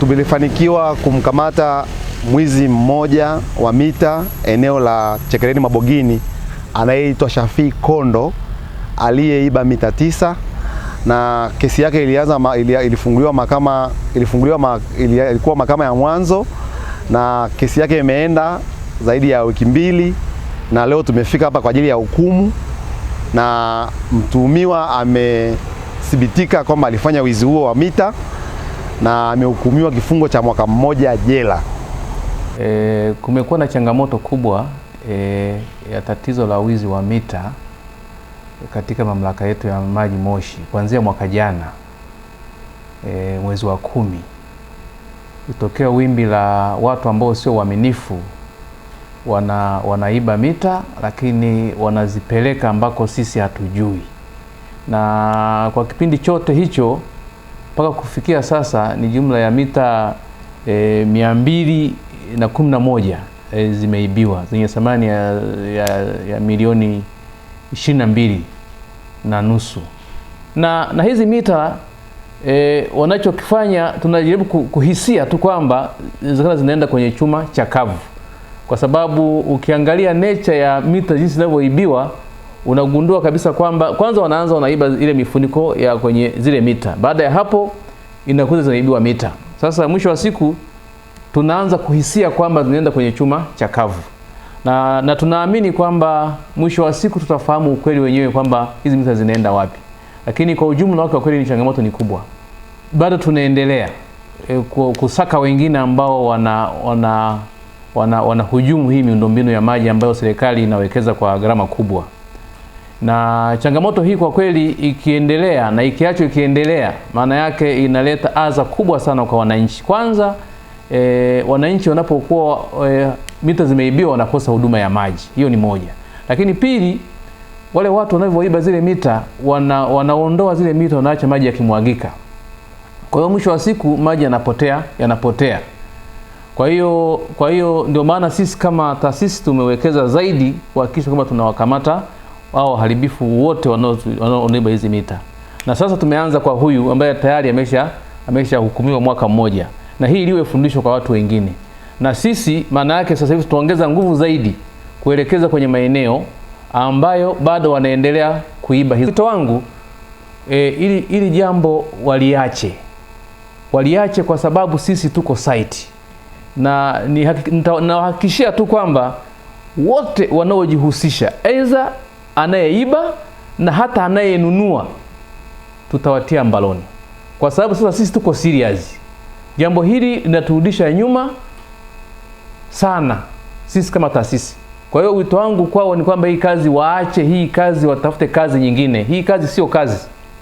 Tumefanikiwa kumkamata mwizi mmoja wa mita eneo la Chekereni Mabogini anayeitwa Shafii Kondo aliyeiba mita tisa na kesi yake ilianza ma, ilifunguliwa mahakama ilifunguliwa ma, ilikuwa mahakama ya mwanzo na kesi yake imeenda zaidi ya wiki mbili, na leo tumefika hapa kwa ajili ya hukumu, na mtuhumiwa amethibitika kwamba alifanya wizi huo wa mita na amehukumiwa kifungo cha mwaka mmoja jela. E, kumekuwa na changamoto kubwa e, ya tatizo la wizi wa mita katika mamlaka yetu ya maji Moshi kuanzia mwaka jana e, mwezi wa kumi itokea wimbi la watu ambao sio waaminifu wana, wanaiba mita lakini wanazipeleka ambako sisi hatujui, na kwa kipindi chote hicho mpaka kufikia sasa ni jumla ya mita e, mia mbili na kumi na moja e, zimeibiwa zenye thamani ya, ya, ya milioni ishirini na mbili na nusu na, na hizi mita e, wanachokifanya tunajaribu kuhisia tu kwamba zikana zinaenda kwenye chuma cha kavu, kwa sababu ukiangalia nature ya mita jinsi zinavyoibiwa unagundua kabisa kwamba kwanza wanaanza wanaiba ile mifuniko ya kwenye zile mita, baada ya hapo inakuza zinaibiwa mita. Sasa mwisho wa siku tunaanza kuhisia kwamba tunaenda kwenye chuma cha kavu na, na tunaamini kwamba mwisho wa siku tutafahamu ukweli wenyewe kwamba hizi mita zinaenda wapi, lakini kwa ujumla wake kweli ni changamoto ni kubwa, bado tunaendelea e, kusaka wengine ambao wana wana wanahujumu wana hii miundombinu ya maji ambayo serikali inawekeza kwa gharama kubwa na changamoto hii kwa kweli ikiendelea na ikiachwa ikiendelea, maana yake inaleta adha kubwa sana kwa wananchi. Kwanza e, wananchi wanapokuwa e, mita zimeibiwa wanakosa huduma ya maji, hiyo ni moja. Lakini pili, wale watu wanavyoiba zile mita wana, wanaondoa zile mita, wanaacha maji yakimwagika. Kwa hiyo mwisho wa siku maji yanapotea yanapotea. Kwa hiyo kwa hiyo ndio maana sisi kama taasisi tumewekeza zaidi kuhakikisha kwamba tunawakamata au waharibifu wote wanaoiba hizi mita. Na sasa tumeanza kwa huyu ambaye tayari amesha ameshahukumiwa mwaka mmoja, na hii iliwe fundisho kwa watu wengine, na sisi maana yake sasa hivi tutaongeza nguvu zaidi kuelekeza kwenye maeneo ambayo bado wanaendelea kuiba hizo. Wito wangu e, ili, ili jambo waliache waliache, kwa sababu sisi tuko site na nawahakikishia tu kwamba wote wanaojihusisha aidha anayeiba na hata anayenunua tutawatia mbaloni, kwa sababu sasa sisi tuko serious. Jambo hili linaturudisha nyuma sana sisi kama taasisi. Kwa hiyo wito wangu kwao ni kwamba hii kazi waache, hii kazi watafute kazi nyingine. Hii kazi sio kazi.